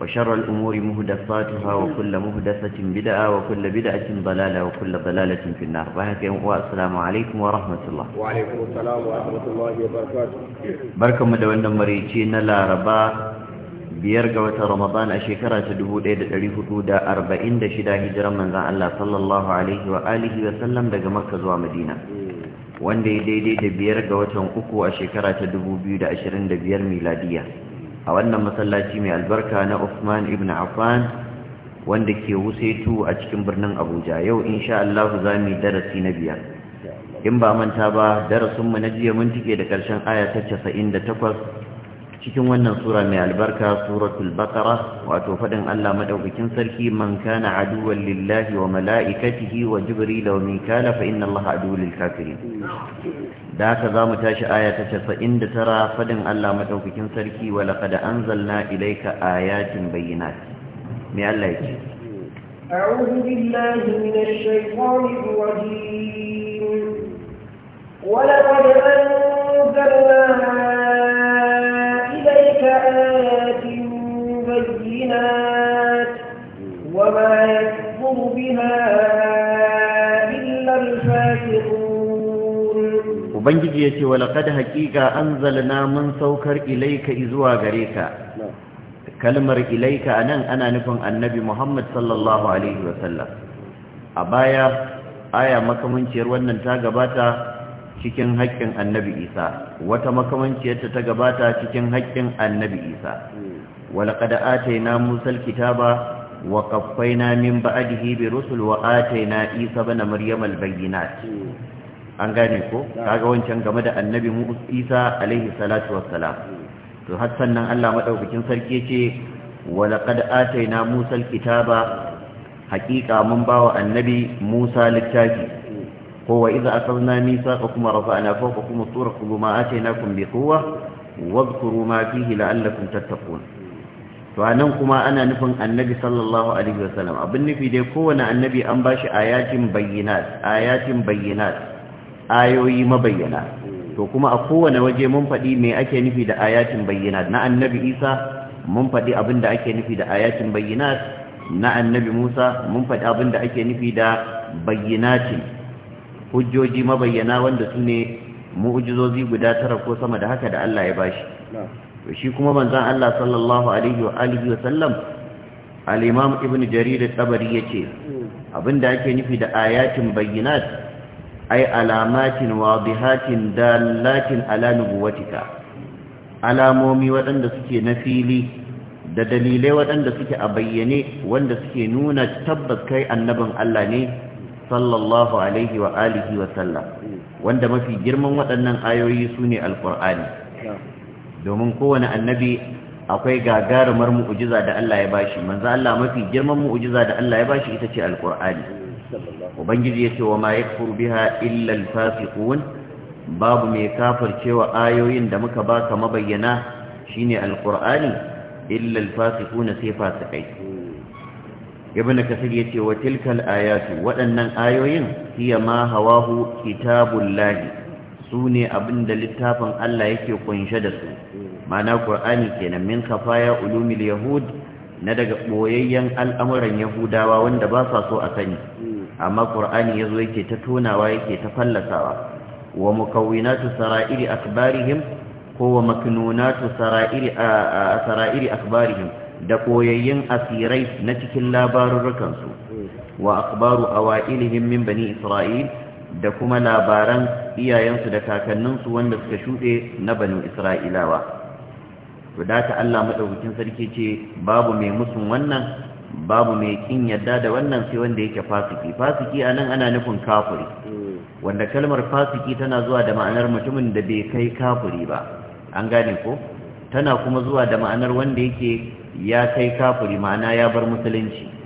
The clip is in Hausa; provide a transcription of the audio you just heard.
وشر الأمور مهدفاتها وكل مهدفة بدعة وكل بدعة ضلالة وكل ضلالة في النار بهك والسلام عليكم ورحمة الله وعليكم السلام ورحمة الله وبركاته بركم مدونا مريتين لا ربا biyar ga watan Ramadan a shekara ta 1446 hijiran manzon Allah sallallahu alaihi wa alihi wa sallam daga Makka zuwa Madina wanda ya daidai da biyar ga watan uku a shekara ta miladiya a wannan masallaci mai albarka na Uthman ibn Affan wanda ke Wusaitu a cikin birnin Abuja yau insha Allah za mu darasi na biyar in ba manta ba darasin mu na jiya mun tike da karshen aya ta 98 cikin wannan sura mai albarka suratul baqara wato fadin Allah madaukakin sarki man kana aduwwan lillahi wa mala'ikatihi wa jibril wa mikala fa inna allaha aduwwul lil kafirin da haka zamu tashi aya ta 99 fadin Allah madaukakin sarki wa laqad anzalna ilayka ayatin bayyinat me Allah yake أعوذ بالله من الشيطان الرجيم ubangiji yace wa haƙiƙa an anzalna mun saukar ilaika zuwa gare ka kalmar ilaika anan ana nufin annabi Muhammad sallallahu alaihi wasallam a baya aya makamanciyar wannan ta gabata cikin haƙƙin annabi Isa wata makamanciyarta ta gabata cikin haƙƙin annabi Isa ولقد آتينا موسى الكتاب وقفينا من بعده برسل وآتينا عيسى بن مريم البينات an gane ko kaga wancan game da annabi isa alaihi salatu wassalam to har sannan Allah madaukakin sarki ce wa laqad ataina musa alkitaba haqiqa mun ba wa annabi musa littafi ko wa idza akhadna mithaqa kuma rafa'na fawqakum at-tura khudhu ma atainakum bi quwwa wadhkuru ma fihi la'allakum tattaqun to anan kuma ana nufin annabi sallallahu alaihi wasallam abin nufi dai kowane annabi an bashi ayatin bayyinat ayatin bayyinat ayoyi mabayyana to kuma a kowane waje mun faɗi me ake nufi da ayatin bayyana na annabi isa mun faɗi abin da ake nufi da ayatin bayyana na annabi musa mun faɗi abin da ake nufi da bayyanatin hujjoji mabayyana wanda su ne mu'ujizozi guda tara ko sama da haka da allah ya bashi to shi kuma manzon allah sallallahu alaihi wa alihi wa sallam al-imam ibnu jarir at-tabari yace abin da ake nufi da ayatin bayyinat ay alamatin wadihatin dalatin ala nubuwatika alamomi waɗanda suke na fili da dalilai waɗanda suke a bayyane wanda suke nuna tabbas kai annabin Allah ne sallallahu alaihi wa alihi wa sallam wanda mafi girman waɗannan ayoyi sune alqur'ani domin kowane annabi akwai gagarumar mu'ujiza da Allah ya bashi manzo Allah mafi girman mu'ujiza da Allah ya bashi ita ce alqur'ani ubangiji ya ce wa ma biha illal alfasiqun babu mai cewa ayoyin da muka baka mabayyana shine alqur'ani illa alfasiqun sai fasikai hmm. ibn kasir ce wa tilkal ayatu waɗannan ayoyin hiya ma hawahu kitabullahi sune abinda littafin Allah yake kunshe da su hmm. ma'ana qur'ani kenan min kafaya ulumil yahud na daga boyayyen al'amuran yahudawa wanda ba sa so a sani amma qur'ani yazo yake ta tonawa yake ta fallasawa wa mukawwinatu sara'iri akbarihim ko wa maknunatu sara'iri akbarihim da ƙoyayyen asirai na cikin labarurrukansu, su wa akhbaru awailihim min bani isra'il da kuma labaran iyayensu da kakanninsu wanda suka shuɗe na bani isra'ilawa to da ta Allah madaukakin sarki ce babu mai musun wannan babu mai kin yadda da wannan sai wanda yake fasiki fasiki anan ana nufin kafuri, wanda kalmar fasiki tana zuwa da ma'anar mutumin da bai kai kafuri ba an gane ko tana kuma zuwa da ma'anar wanda yake ya kai kafuri, ma'ana ya bar musulunci